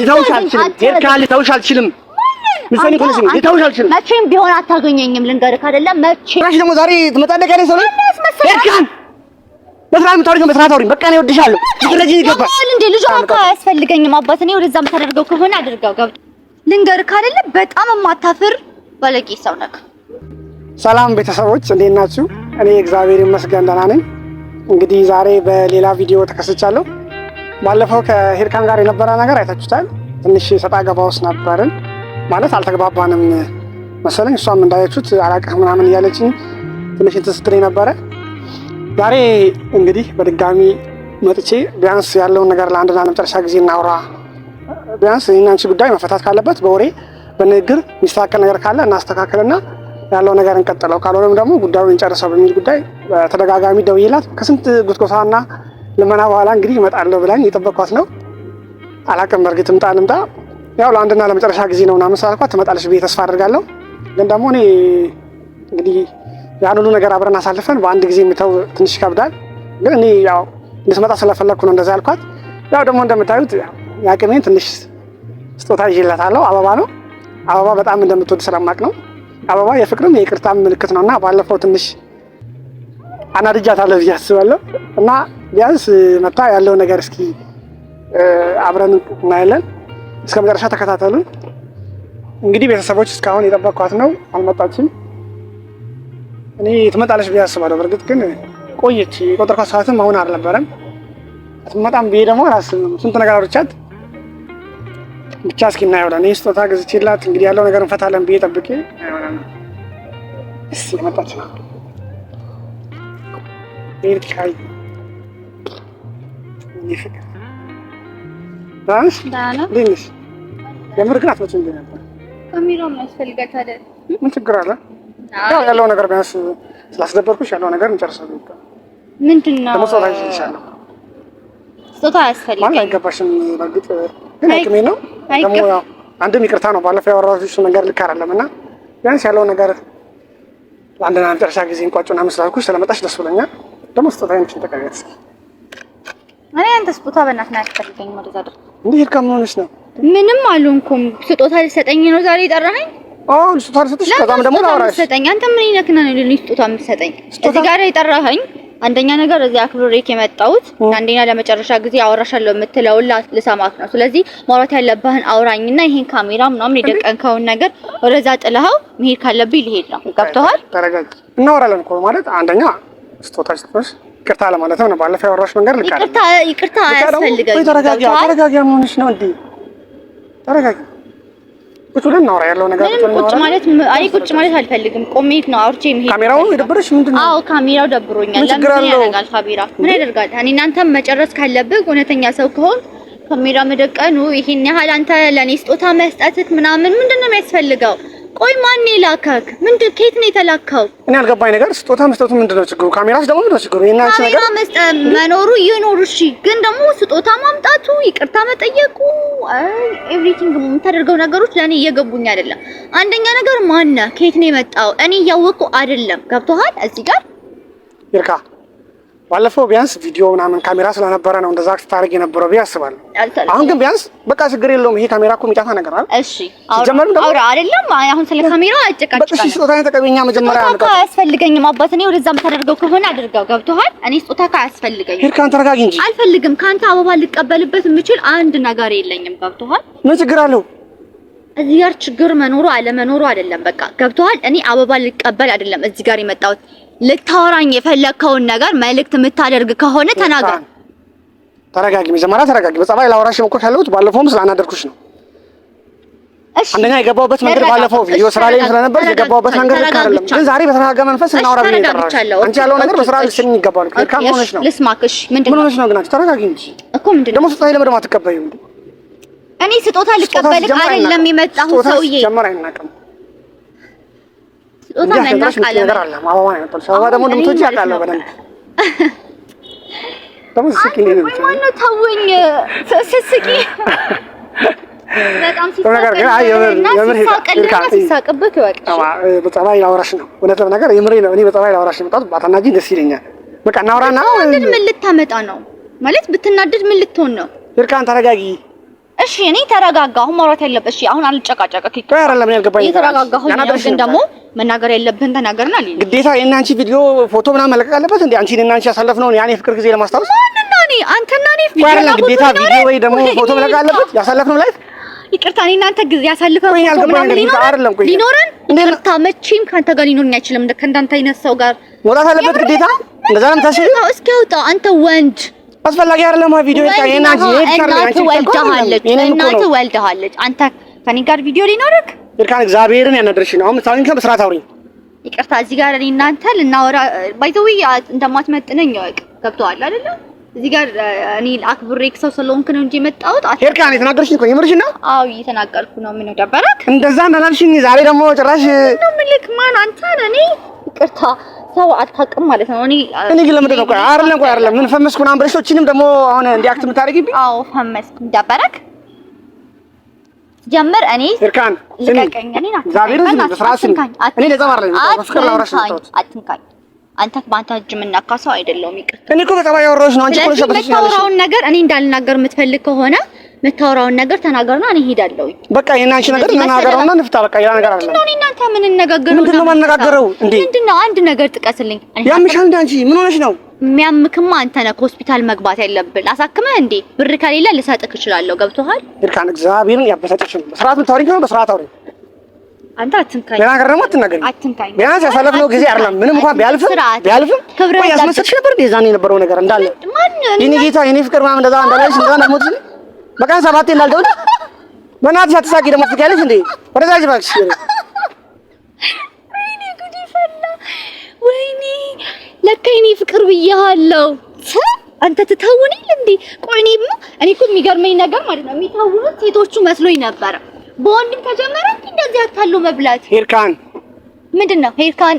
ልተውሽ አልችልም። ምሳሌ ልተውሽ አልችልም። መቼም ቢሆን አታገኘኝም። ልንገርህ አይደለም መቼ ራሽ ደግሞ ዛሬ ትመጣለህ ካለኝ ሰው ኤርካን የምታወሪኝ በቃ እኔ እወድሻለሁ። ይገባል እንዴ? ልጅ አያስፈልገኝም። አባት እኔ ወደዛ የምታደርገው ከሆነ አድርጋው። ልንገርህ በጣም የማታፍር ባለጌ ሰው ነህ። ሰላም ቤተሰቦች እንዴት ናችሁ? እኔ እግዚአብሔር ይመስገን ደህና ነኝ። እንግዲህ ዛሬ በሌላ ቪዲዮ ተከስቻለሁ። ባለፈው ከሂርካን ጋር የነበረ ነገር አይታችሁታል። ትንሽ ሰጣ ገባ ውስጥ ነበርን ማለት አልተግባባንም መሰለኝ። እሷም እንዳያችሁት አላቅህ ምናምን እያለችኝ ትንሽ እንትን ስትለኝ ነበረ። ዛሬ እንግዲህ በድጋሚ መጥቼ ቢያንስ ያለውን ነገር ለአንድና ለመጨረሻ ጊዜ እናውራ። ቢያንስ እኔና ጉዳይ መፈታት ካለበት በወሬ በንግግር የሚስተካከል ነገር ካለ እናስተካከልና ያለው ነገር እንቀጥለው፣ ካልሆነም ደግሞ ጉዳዩን እንጨርሰው በሚል ጉዳይ ተደጋጋሚ ደውዬላት ከስንት ጉትጎታና ልመና በኋላ እንግዲህ እመጣለሁ ብላኝ የጠበቅኳት ነው። አላቅም በእርግጥ ምጣ ልምጣ ያው ለአንድና ለመጨረሻ ጊዜ ነው ምናምን ስላልኳት ትመጣለች ብዬ ተስፋ አድርጋለሁ። ግን ደግሞ እኔ እንግዲህ ያን ሁሉ ነገር አብረን አሳልፈን በአንድ ጊዜ የሚተው ትንሽ ይከብዳል። ግን እኔ ያው እንድትመጣ ስለፈለግኩ ነው እንደዛ ያልኳት። ያው ደግሞ እንደምታዩት የአቅሜን ትንሽ ስጦታ ይዤላታለሁ። አበባ ነው። አበባ በጣም እንደምትወድ ስለማቅ ነው። አበባ የፍቅርም የይቅርታም ምልክት ነው እና ባለፈው ትንሽ አናድጃታለሁ ብዬ አስባለሁ እና ቢያንስ መታ ያለው ነገር እስኪ አብረን እናያለን። እስከ መጨረሻ ተከታተሉን። እንግዲህ ቤተሰቦች እስካሁን የጠበቅኳት ነው፣ አልመጣችም። እኔ ትመጣለች ብዬ አስባለሁ። በእርግጥ ግን ቆየች። የቆጠርኳት ሰዓትም አሁን አልነበረም። አትመጣም ብዬ ደግሞ አላስብም። ስንት ነገር አውርቻት ብቻ እስኪ እናየውለን። ይህ ስጦታ ገዝቼላት እንግዲህ ያለው ነገር እንፈታለን ብዬ ጠብቄ እስኪ መጣች ነው የፍቅር የምር ግን አትመጭም ነበር። ያስፈልጋት አይደል? ምን ችግር አለ? ያው ያለው ነገር ቢያንስ ስላስደበርኩሽ ያለው ነገር እንጨርሳለን ይባላል። ምንድን ነው ስጦታ ይሻለሁ። ማለት አይገባሽም። በእርግጥ ግን አቅሜ ነው ደግሞ ያው አንድም ይቅርታ ነው ባለፈው ያወራሁት ነገር ልክ አይደለም እና ቢያንስ ያለው ነገር ለአንድና መጨረሻ ጊዜ እንቋጭና ስለመጣሽ ደስ ደግሞ እኔ አንተ ስጦታ በእናትና ያስፈልገኝ ወደዛ ድረስ እንዴ ሄድካ ምን ሆነሽ ነው? ምንም አልሆንኩም። ስጦታ ልሰጠኝ ነው ዛሬ የጠራኸኝ? አዎ ስጦታ ልሰጥሽ። ከዛም ደግሞ ላወራሽ ሰጠኝ። አንተ ምን ይነክና ነው ልልኝ? ስጦታ የምትሰጠኝ? እዚህ ጋር የጠራኸኝ አንደኛ ነገር እዚህ አክብሬክ የመጣሁት አንደኛ ለመጨረሻ ጊዜ አወራሻለሁ የምትለውን ልሰማክ ነው። ስለዚህ ማውራት ያለብህን አውራኝና ይሄን ካሜራ ምናምን የደቀንከውን ነገር ወደዛ ጥለኸው መሄድ ካለብኝ ልሄድ ነው። ገብቶሃል? እናወራለን እኮ ማለት አንደኛ ስጦታ ስትመሽ ይቅርታ ለማለት ነው። ባለፈው ያወራሽ መንገድ ልክ አይደለም። ይቅርታ ይቅርታ አያስፈልገኝም። ተረጋጊ፣ ተረጋጊ። ምንሽ ነው እንዴ? ተረጋጊ። ቁጭ ብለን እናውራ። ያለው ነገር ቁጭ ማለት አይ ቁጭ ማለት አልፈልግም። ቆሜት ነው አውርቼ መሄድ። ካሜራው ይደብርሽ ምንድን ነው? አዎ ካሜራው ደብሮኛል። ለምን ያደርጋል? ካሜራ ምን ያደርጋል? እኔ እናንተም መጨረስ ካለብህ እውነተኛ ሰው ከሆን ካሜራ መደቀኑ ይሄን ያህል አንተ ለኔ ስጦታ መስጠትህ ምናምን ምንድን ነው የሚያስፈልገው? ቆይ ማን የላካክ? ምንድን ከየት ነው የተላከው? እኔ አልገባኝ ነገር ስጦታ መስጠቱ ምንድነው ችግሩ? ካሜራስ ደግሞ ምንድነው ችግሩ? ይሄን አንቺ ነገር ካሜራ መስጠት መኖሩ ይኖር እሺ፣ ግን ደግሞ ስጦታ ማምጣቱ፣ ይቅርታ መጠየቁ፣ ኤቭሪቲንግ የምታደርገው ነገሮች ለኔ እየገቡኝ አይደለም። አንደኛ ነገር ማን ነህ? ከየት ነው የመጣው? እኔ እያወቅኩ አይደለም። ገብቶሃል? እዚህ ጋር ይርካ ባለፈው ቢያንስ ቪዲዮ ምናምን ካሜራ ስለነበረ ነው እንደዛ ታደርግ የነበረው ብዬ አስባለሁ። አሁን ግን ቢያንስ በቃ ችግር የለውም። ይሄ ካሜራ እኮ የሚጫታ ነገር አለ። እሺ ጀመርም ደግሞ አውራ አይደለም። አሁን ስለ ካሜራ አጨቃጭቃለሁ። በቃ ስጦታ ተቀበኛ መጀመሪያ አልቀ አያስፈልገኝም። አባት እኔ ወደዛ የምታደርገው ከሆነ አድርገው ገብቶሃል። እኔ ስጦታ እኮ አያስፈልገኝም። ሄድ ካንተ ተረጋጊ እንጂ አልፈልግም። ካንተ አበባ ልቀበልበት የምችል አንድ ነገር የለኝም። ገብቶሃል። ምን ችግር አለው? እዚህ ጋር ችግር መኖሩ አለመኖሩ አይደለም። በቃ ገብቶሃል። እኔ አበባ ልቀበል አይደለም እዚህ ጋር የመጣሁት ልታወራኝ የፈለግከውን ነገር መልእክት የምታደርግ ከሆነ ተናገር። ተረጋጊ፣ መጀመሪያ ተረጋጊ። በጸባይ ላወራሽ ሞክር ያለሁት ባለፈውም ስላናደርኩሽ ነው። አንደኛ የገባሁበት መንገድ ባለፈው ቪዲዮ ስራ ላይ ስለነበር የገባሁበት መንገድ ልክ አይደለም፣ ግን ዛሬ በተረጋጋ መንፈስ እናወራ ብዬሽ ጠራሽ። አንቺ ያለው ነገር በስራ ላይ ስለኝ ይገባል። ልካም ሆነሽ ነው ልስማክሽ። ምንድን ነው ግን አንቺ ተረጋጊ እንጂ እኮ ምንድን ነው ደግሞ ስጦታ ለምንድን ነው እኔ ስጦታ ልቀበልክ አይደለም የመጣሁት ሰውዬ ጀመር አይናቀም ስጦታ መናቅ አለ ነው ተወኝ ስስቂ በጣም ሲሳቅበት በጸባይ ላውራሽ ነው። እውነት ለመናገር የምሬ ነው። እኔ በጸባይ ላውራሽ የመጣሁት። ባታናጂ ደስ ይለኛል። በቃ እናውራና ምን ልታመጣ ነው ማለት ብትናደድ ምን ልትሆን ነው? እርቃን ተረጋጊ እሺ እኔ ተረጋጋሁ። ማውራት ያለብህ እሺ፣ አሁን አልጨቃጨቅ። ኪክ ኧረ ለምን ያልገባኝ እየተረጋጋሁ ነው። ግን ደግሞ መናገር ያለብህን ተናገርና አለ ግዴታ። የእኔ አንቺ ቪዲዮ ፎቶ ምናምን መለቀቅ አለበት እንዴ? አንቺ እና አንቺ ያሳለፍነውን ያኔ ፍቅር ጊዜ ለማስታወስ ማንና እኔ አንተና እኔ ቪዲዮ ነው ግዴታ። ቪዲዮ ወይ ደግሞ ፎቶ መለቀቅ አለበት ያሳለፍነው ላይፍ ይቅርታ እኔ እናንተ ጊዜ ያሳልፈው ምናምን ሊኖረን ይቅርታ፣ መቼም ከአንተ ጋር ሊኖረኝ አይችልም። እንዳንተ አይነት ሰው ጋር መውጣት አለበት ግዴታ። እንደዛ ነው ታስቢ። እስኪ አውጣ አንተ ወንድ አስፈላጊ አይደለም። ቪዲዮ እናትህ ወልደሃለች። አንተ ከኔ ጋር ቪዲዮ ሊኖርክ እርካን እግዚአብሔርን ያናደርሽኝ። አሁን ምሳሌን በስርዓት አውሪኝ። ይቅርታ እዚህ ጋር እኔ እናንተ ልናወራ ባይተዊ እንደማትመጥነኝ ያውቅ ገብቶሃል አይደለ? እዚህ ጋር እኔ አክብሬክ ሰው ስለሆንክ ነው እንጂ የመጣሁት። እርካን የተናገርሽኝ እኮ የምርሽ ነው? አዎ እየተናገርኩ ነው። ምን ደበረክ? እንደዛ እንዳላልሽኝ ዛሬ ደግሞ ጭራሽ ምን ልክ ማን አንተ እኔ ይቅርታ ሰው አታውቅም ማለት ነው። እኔ እኔ ግን ለምንድን ነው ቆይ አይደለም ቆይ አይደለም ምን ፈመስኩ ምናምን ብለሽ እችንም ደግሞ አሁን እንዲያክት የምታደርጊብኝ? አዎ ፈመስኩ እንዳበረክ ጀምር እኔ እርካን ልቀቀኝ። እኔ እኔ ለዛ ላውራሽ አንተ እኔ ነው። አንቺ ነገር እኔ እንዳልናገር የምትፈልግ ከሆነ የምታወራውን ነገር ተናገርና እኔ እሄዳለሁ። በቃ ይሄን አንቺ ነገር ተናገረውና ንፍታ። በቃ ሌላ ነገር አለ። ምንድነው እናንተ ምን እንነጋገረው? ምንድነው የማነጋገረው? እንዴ ነው አንድ ነገር ጥቀስልኝ። ያምሻል እንዴ አንቺ? ምን ሆነሽ ነው? የሚያምክማ አንተ ነህ። ሆስፒታል መግባት ያለብን አሳክመህ። እንዴ ብር ከሌለ ልሰጥህ እችላለሁ። ገብቶሃል? ይርካን እግዚአብሔርን ያበሳጨሽ ነው። በስርዓት የምታወሪኝ ከሆነ በስርዓት አውሪኝ። አንተ አትንካኝ። ሌላ ነገር ደግሞ አትናገሪኝ፣ አትንካኝ። ቢያንስ ያሳለፍነው ጊዜ አይደለም ምንም እንኳን ቢያልፍም ቢያልፍም ያስመሰልሽ ነበር። የዛኔ የነበረው ነገር እንዳለ የኔ ጌታ የኔ ፍቅር ምናምን እንደዛ እንዳለሽ እንደዛ እንዳልሞትሽ በቀን ሰባቴ እንዳልደውል በእናትሽ አትሳቂ። ደግሞ ፍቅያለሽ እንዴ? ወደዛ እባክሽ። ወይኔ ጉድ ፈላ። ወይኔ ለካ የኔ ፍቅር ብያለሁ። አንተ ትታውናል እንዴ? ቆይኔማ እኔ እኮ የሚገርመኝ ነገር ማለት ነው የሚታውኑት ሴቶቹ መስሎኝ ነበረ። በወንድም ተጀመረ እንደዚህ አታሉ መብላት ሄርካን ምንድን ነው ሄርካን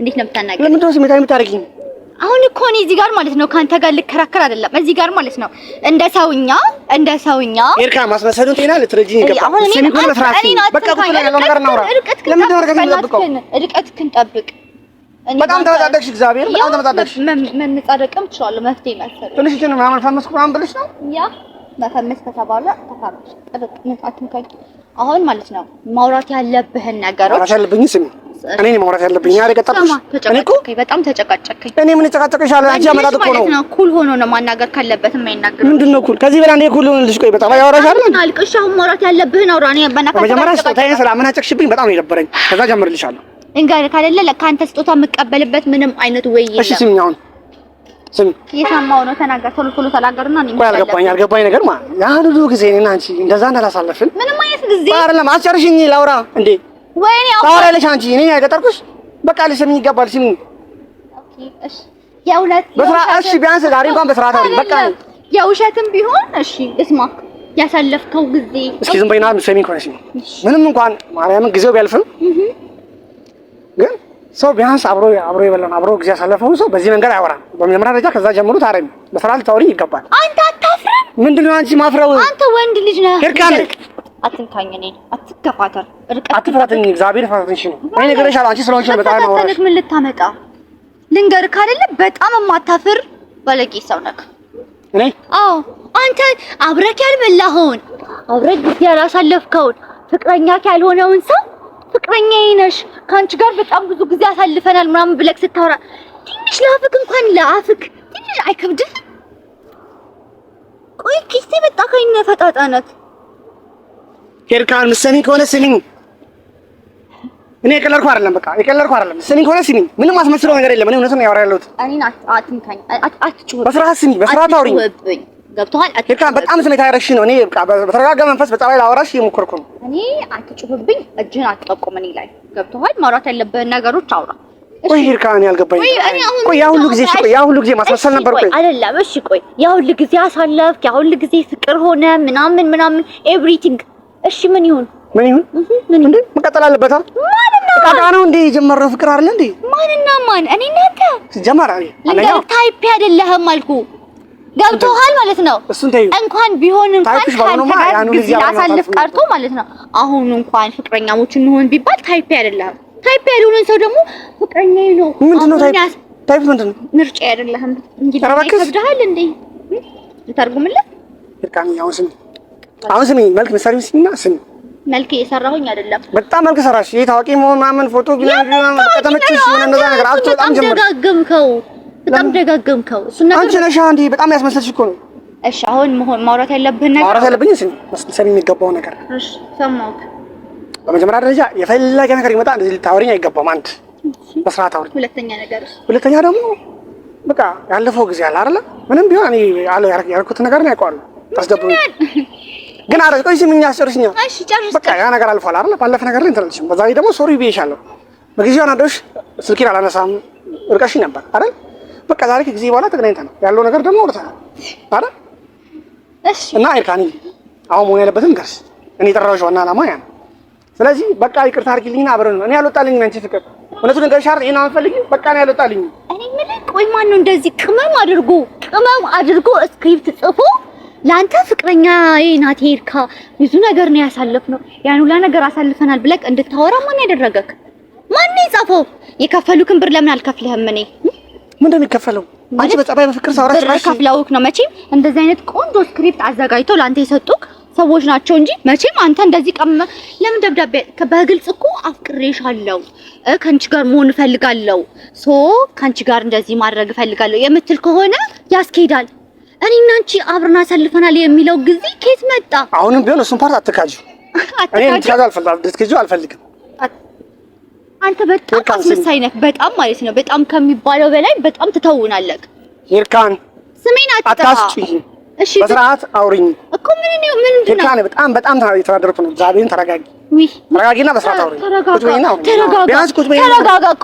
እንዴት ነው የምታናገረኝ? ለምንድን ነው ስሜታዊ የምታደርጊኝ? አሁን እኮ እኔ እዚህ ጋር ማለት ነው ከአንተ ጋር ልከራከር አይደለም። እዚህ ጋር ማለት ነው እንደ ሰውኛ እንደ ሰውኛ ኤርካ ማስመሰሉን ጤና ልትረጂኝ ይገባል። እኔን በቃ ቁጭ ብለን ያለውን ነገር እናውራ። ለምንድን ነው ርቀት የምንጠብቀው? ርቀትህን ጠብቅ። በጣም ተመጻደቅሽ። እግዚአብሔር በጣም ተመጻደቅሽ። መመጻደቅም እችላለሁ። መፍትሄ ይመስል ትንሽ እንትን ምናምን ፈመስኩ ምናምን ብለሽ ነው ያ መፈመስ ከተባለ ጥብቅ ተፋመስ። አሁን ማለት ነው ማውራት ያለብህን ነገሮች ማውራት ያለብኝ ስሚ እኔ ነው ማውራት ያለብኝ። ያ ደቀጣም እኔ እኮ በጣም ተጨቃጨቀኝ። እኔ ምን ተጨቃጨቀሽ አለ አንቺ አመጣጥ እኮ ነው። ኩል ሆኖ ነው ማናገር ካለበት የማይናገር ምንድን ነው ኩል? ከዚህ በላይ ኩል ሆኖ ልጅ ቆይ፣ በጣም ያወራሽ አይደል? አልቅሽ። አሁን ማውራት ያለብህን አውራ። እኔ በእናትህ መጀመሪያ ስጦታዬን ስላመናጨቅሽብኝ በጣም ነው የደበረኝ። ከዛ ጀምርልሻለሁ። እንጋር ካለለ ለካንተ ስጦታ የምቀበልበት ምንም አይነት ወይ የለም። እሺ ስሚኝ አሁን ስም የሰማው ነው ተናገር። ቶሎ ቶሎ ተናገርና ነው የሚባለው። አልገባኝ አልገባኝ ነገር ማ ያ ጊዜ እኔና አንቺ እንደዛ እንዳላሳለፍን ምንም አይነት ጊዜ አይደለም። አስጨርሽኝ ላውራ እንዴ ወይኔ ታወራለሽ አንቺ። እኔ ያገጠርኩሽ በቃ ልትሰሚኝ ይገባል። ስሚ እሺ፣ የእውነት በስርዓት እሺ። ቢያንስ ዛሬ እንኳን በስርዓት አይደል? በቃ የውሸትም ቢሆን እሺ፣ እስማ ያሳለፍከው ጊዜ እስኪ ዝም በይና የምትሰሚኝ ከሆነ ስሚ። ምንም እንኳን ማርያምን ጊዜው ቢያልፍም ግን ሰው ቢያንስ አብሮ አብሮ የበላውን አብሮ ጊዜ ያሳለፈው ሰው በዚህ መንገድ አያወራም። በመጀመሪያ ደረጃ ከዛ ጀምሮ ታረሚ። በስርዓት ልታወሪኝ ይገባል። አንተ አታፍርም? ምንድን ነው አንቺ ማፍረው? አንተ ወንድ ልጅ ነህ። አትንካኝ፣ እኔን አትከፋተል፣ እርቀት እግዚአብሔር ነው። እኔ ነገርሻለሁ። አንቺ ስለሆንሽ ነው። በጣም ምን ልታመጣ በጣም የማታፍር ባለጌ ሰው እኔ አዎ፣ አንተ አብረክ ያልበላኸውን አብረክ ጊዜ ያላሳለፍከውን ፍቅረኛ ያልሆነውን ሰው ፍቅረኛ ነሽ፣ ከአንቺ ጋር በጣም ብዙ ጊዜ አሳልፈናል ምናምን ብለክ ስታወራ ትንሽ ለአፍክ እንኳን ለአፍክ ትንሽ ቆይ ኪስቴ ፈጣጣ ኤርካን ምሰኒ ከሆነ ስሚኝ። እኔ የቀለድኩ አይደለም፣ በቃ የቀለድኩ አይደለም። ስሚኝ ከሆነ ስሚኝ፣ ምንም አስመስለው ነገር የለም። እኔ እውነቱን ያወራ ያለሁት በስርዓት ስሚ፣ በስርዓት አውሪ። ገብቶሃል? ኤርካን በጣም ስሜት አይረሽ ነው። እኔ በቃ በተረጋጋ መንፈስ በጸባይ ላወራሽ እየሞከርኩ ነው። እኔ አትጩህብኝ፣ እጅን አትጠቁም እኔ ላይ። ገብቶሃል? ማውራት ያለብህን ነገሮች አውራ። ቆይ ኤርካን ያልገባኝ፣ ቆይ ያ ሁሉ ጊዜ ቆይ ያ ሁሉ ጊዜ ማስመሰል ነበር። ቆይ አይደለም፣ እሺ፣ ቆይ ያ ሁሉ ጊዜ አሳለፍክ፣ ያ ሁሉ ጊዜ ፍቅር ሆነ ምናምን ምናምን ኤቭሪቲንግ እሺ ምን ይሁን ምን ይሁን እንዴ? መቀጠል አለበት። ማንና ቃቃ ነው እንዴ የጀመረው ፍቅር አይደል እንዴ? ማንና ማን? እኔ እናንተ ጀመራ እንዴ? ታይፕ አይደለህም አልኩ። ገብቶሃል ማለት ነው። እሱን ተይው። እንኳን ቢሆን እንኳን አሳልፍ ቀርቶ ማለት ነው። አሁን እንኳን ፍቅረኛሞች እንሆን ቢባል ታይፕ አይደለህም። ታይፕ ያልሆነ ሰው ደግሞ ፍቅረኛ ነው። ምንድን ነው ታይፕ? ታይፕ ምንድን ነው? ምርጫ አይደለህም። እንግዲህ ከብደሃል እንዴ? ልተርጉምልህ ፍቅረኛውስ አሁን ስሚ፣ መልክ መሰሪው ሲና ስሚ፣ መልክ የሰራሁኝ አይደለም። በጣም መልክ ሰራሽ። ይሄ ታዋቂ መሆን ምናምን ፎቶ ቢሆን ከተመቸሽ ምን እንደዛ ነገር አጥቶ በጣም ደጋገምከው፣ በጣም ደጋገምከው። እሱና አንቺ ነሽ አንዴ በጣም ያስመሰልሽ እኮ ነው። እሺ፣ አሁን መሆን ማውራት ያለብህ ነገር ማውራት ያለብኝ ስሚ፣ መሰሪ የሚገባው ነገር እሺ፣ ሰማሁት። በመጀመሪያ ደረጃ የፈለገ ነገር ይመጣ እንደዚህ ልታወሪኝ አይገባም። አንድ በስርዓት አውሪኝ። ሁለተኛ ነገር ሁለተኛ ደግሞ በቃ ያለፈው ጊዜ አለ አይደለ? ምንም ቢሆን እኔ ያረኩትን ነገር ነው ያውቀዋለሁ። ታስደብሩኝ ግን አረግጠው እዚህ ምን ያስጨርስኛል? እሺ ጨርስ። በቃ ያ ነገር አልፏል አይደል? ባለፈ ነገር ላይ እንትን አልሽ። በዛ ላይ ደግሞ ሶሪ ብዬሻለሁ። በጊዜው አናዶሽ ስልኬን አላነሳም እርቀሽ ነበር አይደል? በቃ ዛሬ ከጊዜ በኋላ ተገናኝተን ነው ያለው ነገር ደግሞ ወርተናል አይደል? እሺ። እና ኤርካኒ አሁን መሆን ያለበትን ገርስ እኔ የጠራሁሽ ዋና ዓላማ ያ ነው። ስለዚህ በቃ ይቅርታ አድርጊልኝና አብረን እኔ ያልወጣልኝም አንቺ ፍቅር እውነቱን ነገርሽ አይደል? ይሄን አንፈልግም። በቃ ነው ያልወጣልኝም። እኔ ምን ቆይ ማን ነው እንደዚህ ቅመም አድርጎ ቅመም አድርጎ ስክሪፕት ጽፎ ለአንተ ፍቅረኛ ናት ሄድካ ብዙ ነገር ነው ያሳለፍነው። ያን ሁላ ነገር አሳልፈናል ብለህ እንድታወራ ማን ያደረገክ? ማን የጻፈው? የከፈሉክን ብር ለምን አልከፍልህም? እኔ ምንድን ነው የከፈለው? አንቺ በጸባይ በፍቅር ሳውራሽ ብር ከፍለውክ ነው። መቼም እንደዚህ አይነት ቆንጆ ስክሪፕት አዘጋጅቶ ለአንተ የሰጡክ ሰዎች ናቸው እንጂ መቼም አንተ እንደዚህ ቀመ ለምን ደብዳቤ በግልጽ እኮ አፍቅሬሻለሁ፣ ከአንቺ ጋር መሆን እፈልጋለሁ፣ ሶ ከአንቺ ጋር እንደዚህ ማድረግ እፈልጋለሁ የምትል ከሆነ ያስኬዳል። እኔ እና አንቺ አብረን አሳልፈናል የሚለው ጊዜ ከየት መጣ? አሁንም ቢሆን እሱን ፓርት አትካጁ። እኔ እንድትካጁ አልፈልግም። አንተ በጣም አስመሳይ ነህ፣ በጣም ማለት ነው። በጣም ከሚባለው በላይ በጣም ትተውናለህ። ይርካን ስሜን አታስጭኝ። እሺ፣ በስርዓት አውሪኝ እኮ ምን ነው ምን ነው? ይርካን በጣም በጣም የተናደድኩ ነው። ዛሬን ተረጋጊ፣ ተረጋጊና በስርዓት አውሪኝ። ተረጋጋ።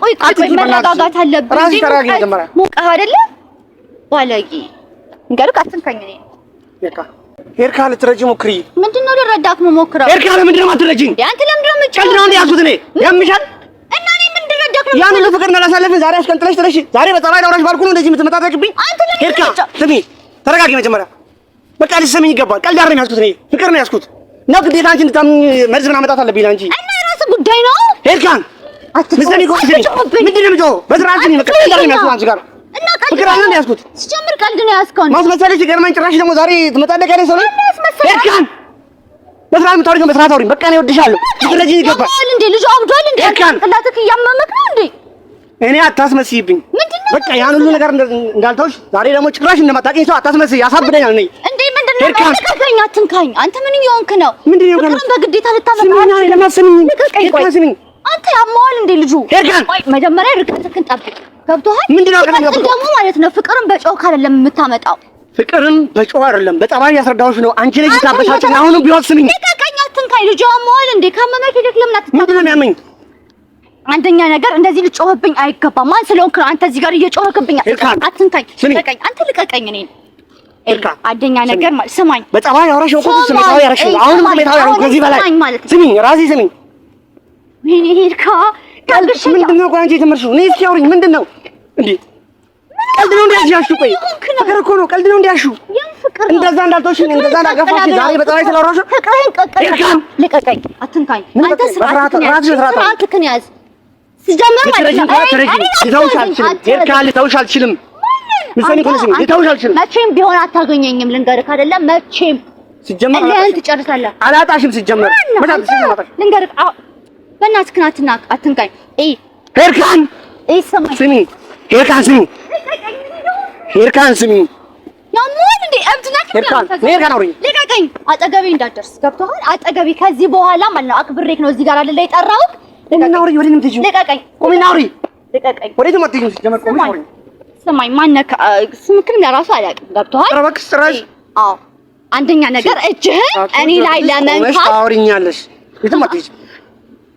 ቆይ ቆይ፣ መረጋጋት አለብህ። ራስህ ተረጋጊ። ሞቀህ አይደለ ባለጌ እንገዱክ አትንፈኝ። እኔ ኤርካ ኤርካ ልትረጂ ሞክሪ። ምንድን ነው ልረዳክ መሞክረው? ኤርካ ለምንድን ነው የማትረጂኝ? አንተ ለምንድን ነው የምትጨልድ ነው ያዙት። እኔ ያምሻል እና እኔ ምንድን ልረዳክ ነው? ያን ሁሉ ፍቅር እንዳላሳለፍን ዛሬ አሽቀንጥለሽ ትለሽ ዛሬ በጸባይ ላውራሽ ባልኩ ነው እንደዚህ የምትመጣጠቅብኝ። አንተ ለምን ኤርካ፣ ስሚ፣ ተረጋጊ መጀመሪያ። በቃ ልትሰሚኝ ይገባል። ቀልድ አይደለም ያዝኩት፣ እኔ ፍቅር ነው ያዝኩት። ነው ግዴታ አንቺ እንድታምኝ መርዝ ምናምን አመጣት አለብኝ ለአንቺ እና የራስህ ጉዳይ ነው ኤርካን ምንድን ነው የምትሆነው? በስርዓት በቃ ቀልድ አይደለም ያዝኩት አንቺ ጋር ፍቅር አይደል ያዝኩት። ሲጀምር ቀልድ ነው ያዝከው። ማስመሰለሽ ሲገርመኝ ጭራሽ ደግሞ ዛሬ ትመጣለህ ከእኔ ሰው ነው የካን በስርዓት የምታወሪኝ በስርዓት አውሪኝ። በቃ እኔ እወድሻለሁ። ልትረጂኝ ይገባል። እንዴ? ልጅ አብዷል እንዴ? ጭንቅላትህ እያመመክ ነው እንዴ? እኔ አታስመስይብኝ። በቃ ያን ሁሉ ነገር እንዳልተውሽ ዛሬ ደግሞ ጭራሽ እንደማታውቂኝ ሰው አታስመስይ። ያሳብደኛል። ነኝ እንዴ! ምንድን ነው አትንካኝ፣ አትንካኝ። አንተ ምን እየሆንክ ነው? ምንድን ነው በግዴታ ልታመጣ? ስሚኝ፣ ለማስሚኝ፣ ልቀቀኝ፣ ቆይ ስሚኝ አንተ ያማዋል እንዴ ልጁ? ኤርጋን መጀመሪያ ርቀትህን ጠብቅ። ገብቶሃል? ምንድን ነው ደግሞ ማለት ነው? ፍቅርን በጮክ አይደለም የምታመጣው። ፍቅርን በጮህ አይደለም በጠባይ ያስረዳሁሽ ነው። አንቺ ነሽ ታበሳጭኝ። አሁንም ቢሆን ስሚኝ፣ ልቀቀኝ፣ ትንካይ። ልጁ ያማዋል እንዴ? ካመመ ከደክ ለምን አትታመም? ምንድነው ነው የሚያመኝ? አንደኛ ነገር እንደዚህ ልጮህብኝ አይገባም። ማን ስለሆንክ ነው አንተ እዚህ ጋር እየጮህክብኝ? አትንካኝ፣ ልቀቀኝ፣ አንተ ልቀቀኝ። እኔ አንደኛ ነገር ስማኝ፣ በጠባይ ያወራሽ ነው እኮ ስሜታዊ ያደረግሽ ነው። አሁንም ስሜታዊ ነው። ከዚህ በላይ ስሚኝ፣ ራሴ ስሚኝ ወይኔ ሄድካ ቀልድሽ ምንድን ነው? ቆይ አንቺ የተመርሽው እኔ እስኪ አውሪኝ። ምንድን ነው እንዴ? ቀልድ ነው ቆይ ፍቅር እኮ ነው። ቀልድ ነው እንደዛ እንዳልተውሽ እንደዛ እንዳገፋሽ ዛሬ ፍቅርህን ልቀቀኝ፣ አትንካኝ። አንተ ያዝ። ሲጀመር ማለት ነው ልተውሽ አልችልም። መቼም ቢሆን አታገኘኝም። ልንገርህ አይደለም መቼም ሲጀመር አላጣሽም ሲጀመር ልንገርህ በእናትህ ክናትና አትንካኝ። እይ ሄርካን፣ እይ ሰማይ ስሚ፣ ሄርካን ስሚ፣ ሄርካን ስሚ። ልቀቀኝ። አጠገቤ እንዳትደርስ ገብቶሃል? አጠገቤ ከዚህ በኋላ ማለት ነው አክብሬክ ነው እዚህ ጋር አይደለ የጠራሁት። ለምን አውሪኝ፣ ለራሱ አላውቅም። ገብቶሃል? አንደኛ ነገር እጅህን እኔ ላይ ለመንካት ታውሪኛለሽ። የትም አትሄጂም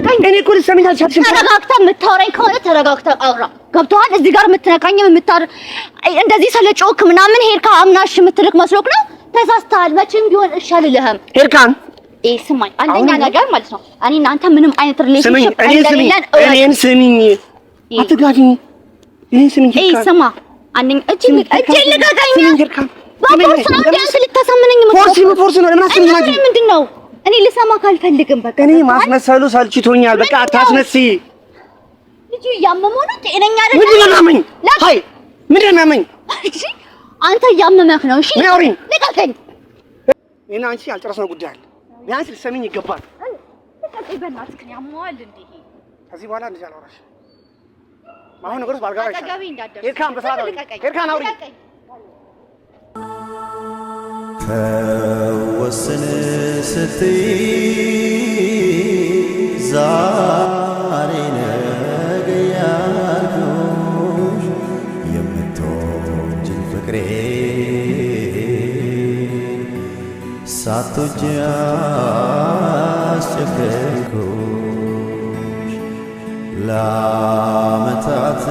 አትንካኝ። እኔ እኮ ልትሰሚኝ አልቻልሽም። ተረጋግተህ የምታወራኝ ከሆነ ተረጋግተህ አውራ። ገብቶሃል? እዚህ ጋር የምትነካኝ የምታር እንደዚህ ስለ ምናምን ሄርካ አምናሽ የምትልክ መስሎክ ነው። ተሳስተሃል። መቼም ቢሆን እሺ አልልህም ሄርካን ይሄ ስማኝ፣ አንደኛ ነገር ማለት ነው እኔ እናንተ ምንም አይነት ሪሌሽንሺፕ እንደሌለን እኔን ስሚኝ፣ እኔን ስሚኝ ሄርካን፣ ስማ፣ አንደኛ እጅ እጅ ልቀቀኝ። ፎርስ ነው፣ ምንድን ነው እኔ ልሰማ ካልፈልግም በቃ እኔ ማስመሰሉ ሰልችቶኛል። በቃ አታስመስይ። ልጁ እያመመው ነው። ጤነኛ አይደለም። ምንድን ነው ያመኝ? አይ ምንድን ነው ያመኝ? አንተ እያመመህ ነው። እሺ ነውሪኝ ልቀቀኝ። እኔ አንቺ ያልጨረስነው ጉዳይ አለ። ቢያንስ ልትሰሚኝ ይገባል። ልቀቀኝ በእናትህ። ነው ያመዋል እንዴ? ከዚህ በኋላ እንደዚህ አላወራሽም። አሁን ነገሮች ባልጋራ ይሻላል። ኤርካን በሰዓት አውሪኝ። ኤርካን አውሪኝ። ተወሰነ ስትይ ዛሬ ነገ ያልኩሽ የምትወጂኝ ፍቅሬ ሳቶች አስጨፈኩሽ ለዓመታት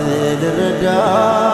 ልረዳ